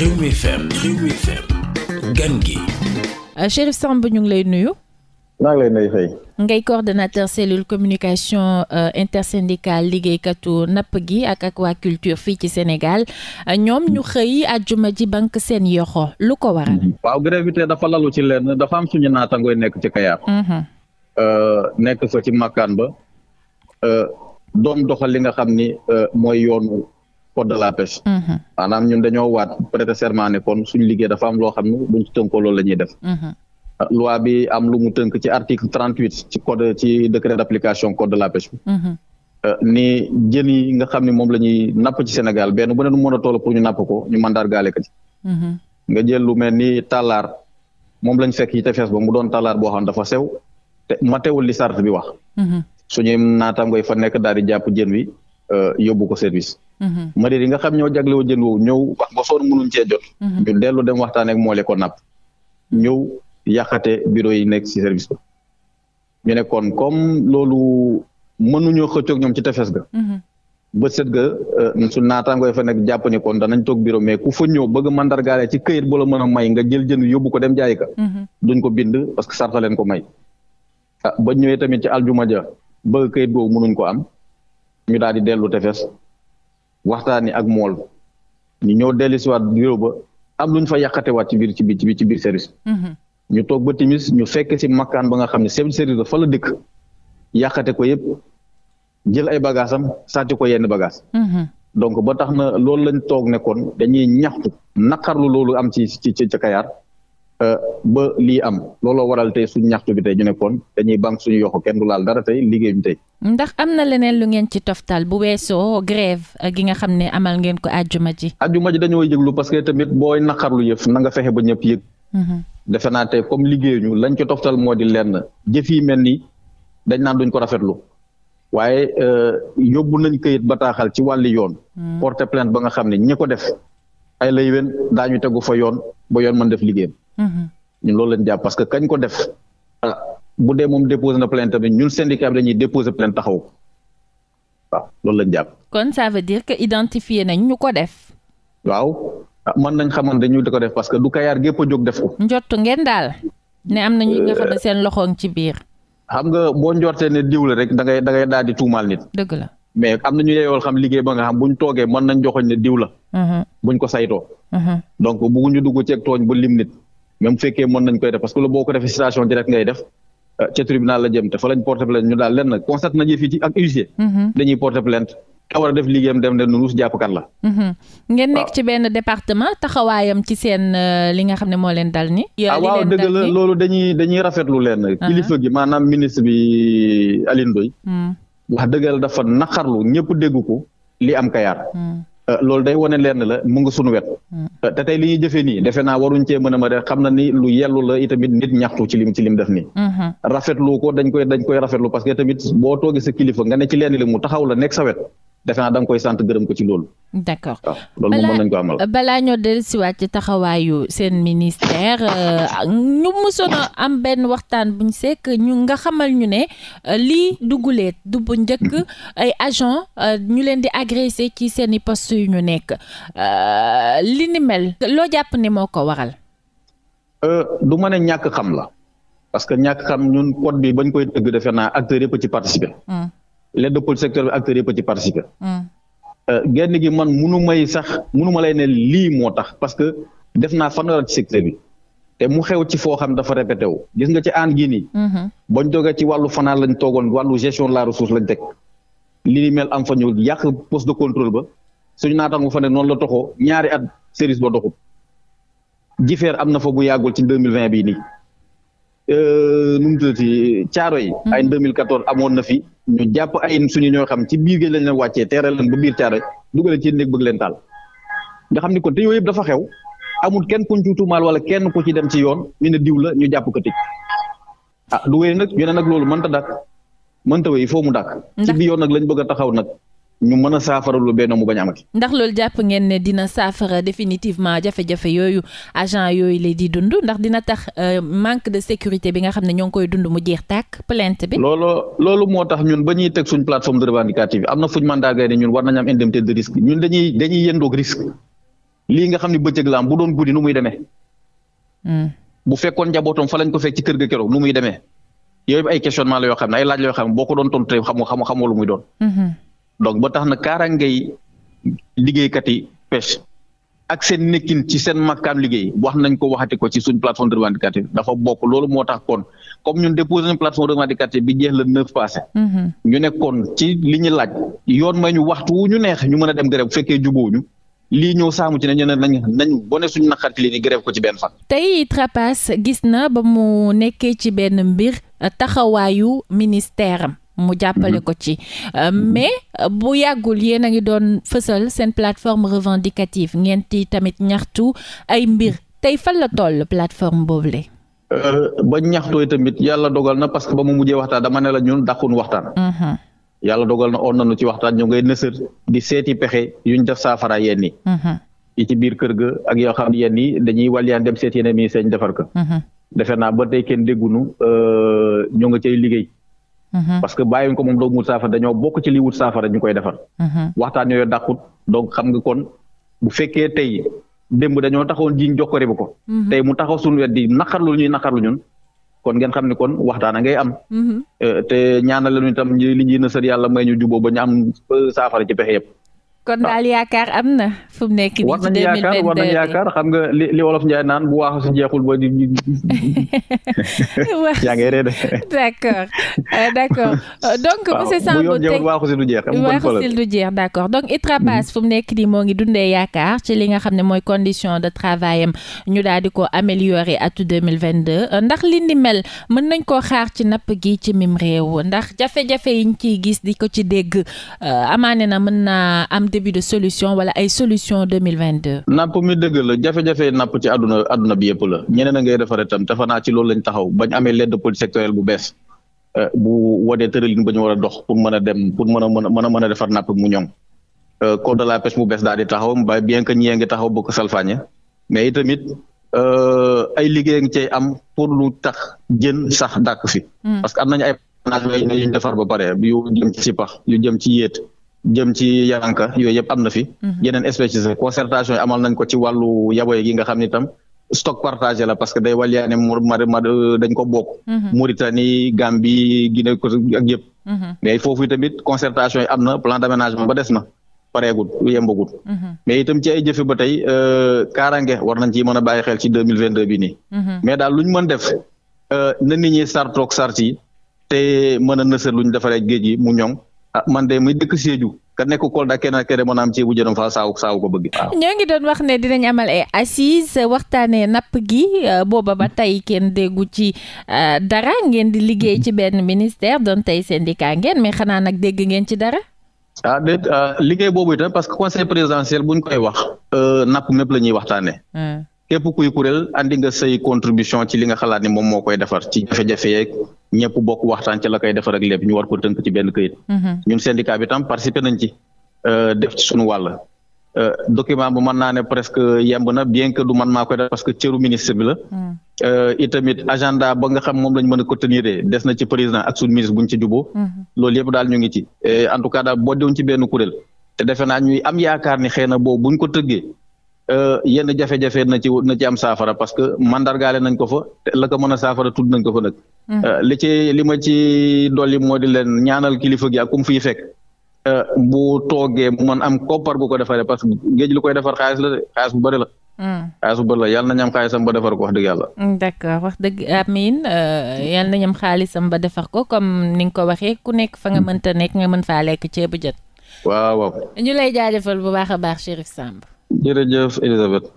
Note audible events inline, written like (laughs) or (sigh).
Rewmi FM Rewmi FM gan gi. Euh, Chérif Samb ñu ngi lay nuyu. maa ngi lay nuyu fay. ngay coordonnateur cellule communication euh, intersyndicale liggéeykatu napp gi ak aquaculture fii ci Sénégal euh, ñoom ñu xëy àjjuma ji banque seen yoxo lu ko waral. Mhm. waaw gravité dafa lalu ci lenn dafa am suñu naatangooy nekk ci Kayar. Mhm. nekk fa ci makkaan ba. doom doxal nga xam ni mooy yoonu code de la pêche. Mm-hmm. maanaam ñun dañoo waat prêter serment ne kon suñu liggéey dafa am loo xam ne buñ ci tënkoo loolu la ñuy def. Mm-hmm. loi bi lu mu tënk ci article trente huit ci code ci décret d'application code de la pêche bi. Mm-hmm. Euh, ni jën yi nga xam ne moom la ñuy napp ci Sénégal benn bu ne nu mën a toll pour ñu napp ko ñu mandargaale ko nga jël lu mel ni tàllaar moom lañ fekk ci tefes ba mu doon tàllaar boo xam dafa sew te matewul li sart bi wax. suñuy naataangoo yi fa nekk daal di jàpp jën wi Euh, yóbbu ko service. Mhm. mairie yi nga xam ñoo jaglewoo jën woowu ñëw wax ba sonn mënuñ mhm. ñu dellu dem waxtaan ak moo le ko napp ñëw yàqate bureau yi nekk ci service ba. ñu ne kon comme loolu mënuñoo xëccoog ñoom ci tefes ga. Mhm. ba set ga euh, su naataangoo fa nekk jàpp ni kon danañ toog bureau mais ku fa ñëw bëgg mandargaale ci kayit bu la mën a may nga jël jën yóbbu ko dem jaay ka. duñ ko bind parce que sarta leen ko may. ah ba ñëwee tamit ci aljuma ja bëgg këyit googu mënuñ ko am. ñu daal di dellu tefes waxtaani ak mool ñu ñëw dellu si ba am lu fa yàqatewaat ci ci biir ci biir ci biir service mhm. ñu toog ba timis ñu fekk si makkaan ba nga xam ne chef service ba fa la dëkk yàqate ko yëpp jël ay bagages am sàcc ko yenn bagages. Mhm. donc ba tax na loolu lañ toog ne kon dañuy ñaxtu naqarlu loolu am ci ci ci Kayar Euh, ba lii am looloo waral tey suñu ñaxtu bi tey ñu nekkoon dañuy banque suñu yoxo kenn du laal dara tey liggéey bi tey. ndax am na leneen lu ngeen ci toftal bu weesoo grève euh, gi nga xam ne amal ngeen ko àjjuma ji. àjjuma ji dañoo yëglu parce que tamit booy naqarlu yëf na nga fexe ba ñëpp yëg. Mm-hmm. defe naa tey comme liggéeyuñu lañ ci toftal moo di lenn jëf yi mel ni dañ naan duñ ko rafetlu waaye euh, yóbbu nañ këyit bataaxal ci wàlli yoon. Mm-hmm. porter plainte ba nga xam ne ñi ko def ay lay wen daañu fa yoon ba yoon mën def liggéeyam. Mm-hmm. ñun loolu lañ jàpp parce que kañ ko def ah bu dee moom déposé na plainte tamit ñun syndicat bi dañuy déposé plainte taxaw waaw loolu lañ jàpp. kon ça veut dire que identifié nañ ñu ko def. waaw ah, mën nañ xamoon dañu di ko def parce que du Kayar gépp a jóg def ko. njott ngeen daal. ne am na ñuy nga xam euh, seen loxoong ci biir. xam nga boo njortee ne diw la rek dangay ngay da ngay daal di tuumaal nit. dëgg la mais am na ñu yeyool xam liggéey ba nga xam buñ toogee mën nañ joxoñ ne diw la. Mm-hmm. buñ même bu fekkee mën nañ koy def parce que lu boo ko defee citation direct ngay def euh, ca tribunal la jëm te fa lañ porté plainte ñu daal lenn constate nañu fii ci ak huissier. Mm-hmm. dañuy porté plainte ka a def liggéeyam dem ne nuus jàppkat la. Mm-hmm. ngeen nekk ci benn département taxawaayam ci seen euh, li nga xam ne moo leen dal ni ah, waaw dëgg loolu dañuy dañuy rafetlu leen. Uh-huh. kilifa gi maanaam ministre bi Alioune Ndoye mm. wax dafa naqarlu ñëpp dégg ko li am Kayar. Mm. Euh, loolu day wane leer ne la mu ngi suñu wet hmm. euh, te tey li ñuy jëfee nii defe naa waruñ cee mën a xam na ni lu yellu la itamit nit ñaxtu ci lim ci lim def nii hmm. rafetlu ko dañ koy dañ koy rafetlu parce que tamit boo toogee sa kilifa nga ne ci leen li mu taxaw la nekk sa wet defe naa da nga koy sant gërëm ko ci loolu. d' accord loolu moom mën nañu ko amal balaa ñoo dellusiwaat ci taxawaayu seen ministère euh, ñu mësoon am benn waxtaan buñ sekk ñu nga xamal ñu ne euh, lii duguleet du bu njëkk ay agent euh, ñu leen di agressé ci seen i poste yu ñu nekk li ni mel loo jàpp ni moo ko waral. du mën a ñàkk xam la parce que ñàkk xam ñun code bi bañ koy tëgg defe naa acteurs yëpp ci participer. Hmm. les deux secteur bi acteurs yëpp a ci participer. Hmm. Euh, genn gi man munu may sax munu ma lay ne lii moo tax parce que def naa fanweer ci secteur bi te mu xew ci foo xam dafa répété wu gis nga ci aan gii nii. Hmm. bañ ci wàllu fanaan lañ toogoon wàllu gestion de la ressource lañ teg li ni mel am fa ñu yàq poste de contrôle ba suñu naataango fa ne noonu la toxoo ñaari at service ba doxul jifeer am na fa bu yàggul ci deux mille vingt bii nii. Euh, nu caaro yi. Mm-hmm. ay 2014 amoon na fi ñu jàpp ay suñu ñoo xam ci biir géej lañ leen wàccee teeral leen ba biir caaro yi dugal ci néeg bëgg leen taal nga xam ni kon te yooyu dafa xew amul kenn kuñ ci tuumaal wala kenn ku dem ci yoon ñu ne diw la ñu jàpp ko tëj ah du wéy nag ñu ne nag loolu mënta dàkk mënta wéy foo mu dàkk. ci biir yoon nag lañ bëgg a taxaw nag ñu mën a saafara lu benn mu bañ a amati. ndax loolu jàpp ngeen ne dina saafara définitivement jafe-jafe yooyu agent yooyu lay di dund ndax dina tax euh, manque de sécurité bi nga xam ne ñoo ngi koy dund mu jeex tàkk plainte bi. looloo loolu moo tax ñun ba ñuy teg suñ plateforme de revendicative am na fuñ mandaagay ne ñun war nañ am indemnité de risque ñun dañuy dañuy yëndoog lii nga xam ne bëccëg laam bu doon guddi nu muy demee. Hmm. bu fekkoon njabootam fa lañ ko fekk ci kër ga keroog nu muy demee yooyu ay questionnement la yoo xam ne ay laaj la yoo boo ko doon tontu xamu xamu xamoo lu muy doon. Hmm, hmm. donc ba tax na kaarangay liggéeykat yi pêche ak seen nekkin ci seen makkaan liggéey wax nañ ko waxati ko ci suñ plateforme revendicative dafa bokk loolu moo tax kon comme ñun déposé nañ plateforme revendicative bi jeex la neuf passé mm-hmm. ñu nekkoon ci li ñu laaj yoon may ñu waxtu wu ñu neex ñu mën a dem grève bu fekkee jubóoñu lii ñëw saamu ci ne ñu ne nañ nañ bone suñu naqar ci lii ni grève ko ci benn fan tey Trapace gis na ba mu nekkee ci benn mbir taxawaayu ministère am mu jàppale mhm. ko ci euh, mhm. mais euh, bu yàggul yéen a ngi doon fësal seen plateforme revendicative ngeen ti tamit ñaxtu ay mbir tey fan la toll plateforme boobule. Euh, ba ñaxtooy tamit yàlla dogal na parce que ba mu mujjee waxtaan dama ne la ñun dàqun waxtaan. Mhm. yàlla dogal na on nañu ci waxtaan ñu ngay nësër di seeti pexe yuñ def saafara yenn yi. yi ci biir kër ga ak yoo xam ne yenn yi dañuy wàlliyaan dem seet yeneen yi seen defar ko. defe naa ba tey kenn déggunu ñu nga cay liggéey. Mm-hmm. parce que bàyyiwuñ ko moom doomu wut saafara dañoo bokk ci lii wut saafara ñu koy defar. Mm-hmm. waxtaan yooyu dàqut donc xam nga kon bu fekkee tey démb dañoo taxawoon jiiñ jox ko ko. Mm-hmm. tey mu taxaw suñu wet di naqarlu ñuy naqarlu ñun. kon ngeen xam ne kon waxtaan a ngay am. Euh, te ñaanal la ñu itam li ñuy nësër yàlla may ñu juboo ba ñu am saafara ci pexe yëpp. kon daal yaakaar am na fu nekk nii. war nañ yaakaar war nañ xam nga li li Njaay naan bu waaxu si jeexul ba di. (laughs) yaa ngi réer de. (laughs) d' euh, (laughs) euh, donc monsieur Samb. du jeex. waaxu d' accord donc mhm. Itrapass fu mu nekk nii moo ngi dundee yaakaar ci li nga xam ne mooy condition de travail am ñu daal di ko améliorer atu deux mille vingt deux euh, ndax li ni mel mën nañ koo xaar ci napp gi ci mim réew ndax jafe-jafe yiñ ciy gis di ko ci dégg amaane na mën naa am. début de solution wala ay solution 2022. napp mi dëgg jafe-jafe napp ci àdduna àdduna bi yëpp la ñeneen a ngay defaree tam dafa ci loolu lañ taxaw bañ amee ledd politique sectorielle bu bees euh, bu wodee tëralin ba ñu war a dox pour mën a dem pour mën a mën a a defar napp mu ñoŋ. Euh, code de la pêche bu bees daal di taxaw ba bien que ñi ngi taxaw bu ko salfaañe mais itamit euh, ay liggéey ngi cay am pour lu tax jën sax dàkk fi. Hmm. parce que am nañu ay. ba pare yu jëm ci ci yéet jëm ci yanka yooyu yëpp am na fi. Mhm. yeneen espèces concertation yi amal nañ ko ci wàllu yaboy gi nga xam ni tam stock partagé la parce que day walyaane mu ma dañ ko bokk. Mhm. Mauritanie Gambie Guinée ak yëpp. Mhm. mais foofu tamit concertation am na plan d'aménagement ba des na pareegul yembagul. mais itam ci ay jëfe ba tey euh, kaaraange war ci mën a bàyyi xel ci deux mille vingt deux euh, te mën a nësër lu ñu mu ñoŋ. ah man de muy dëkk Sédhiou ka nekk Kolda kenn ak kenn mën a am ceebu jën faa saawu saawu ko bëgg. Ah. ñoo ngi doon wax ne dinañ amal ay assises waxtaanee napp gi euh, booba ba tey kenn déggu ci euh, dara ngeen di liggéey ci benn ministère doon tey syndicat ngeen mais xanaa nag dégg ngeen ci dara. ah, ah liggéey boobu itam parce que conseil présidentiel buñ koy wax. Euh, napp mépp la ñuy waxtaanee. Hmm. képp kuy kuréel andi nga say contribution ci li nga xalaat ni moom moo koy defar ci jafe-jafe yeeg ñëpp bokk waxtaan ci la koy defar ak lép ñu war ko tënk ci benn këyit. Mhm. ñun syndicat bi tam participer nañ ci euh, def ci suñu wàll. Euh, document bu man naa ne presque yemb na bien que du man maa koy def parce que cëru ministre bi la. Mhm. Euh, itamit agenda ba nga xam moom lañ mën a ko tenir des na ci président ak suñu ministre buñ ci juboo mhm. loolu yëpp daal ñu ngi ci en tout cas daal boo doon ci benn kuréel te defe naa ñuy am yaakaar ni xëy na boobu buñ ko tëggee. Euh, yenn jafe-jafe na ci na ci am saafara parce que mandargaale nañ ko fa te mën a saafara tudd nañ ko fa nag. Mm. Euh, li ci li ma ci dolli ñaanal kilifa gi ak kum fiy fekk. Euh, bu toogee man am koppar bu ko defaree parce que géej lu koy defar xaalis la de xaalis bu bëri la. Mm. xaalis bu bëri am ba defar ko wax dëgg yàlla. Mm, d'accord wax dëgg amiin yàlla nañ ba defar ko comme ni nga ko waxee ku nekk fa nga mënta nekk nga mën faa lekk ceebu jën. waaw waaw. ñu lay jaajëfal bu baax a baax Chérif Samb. jërëjëf Elisabeth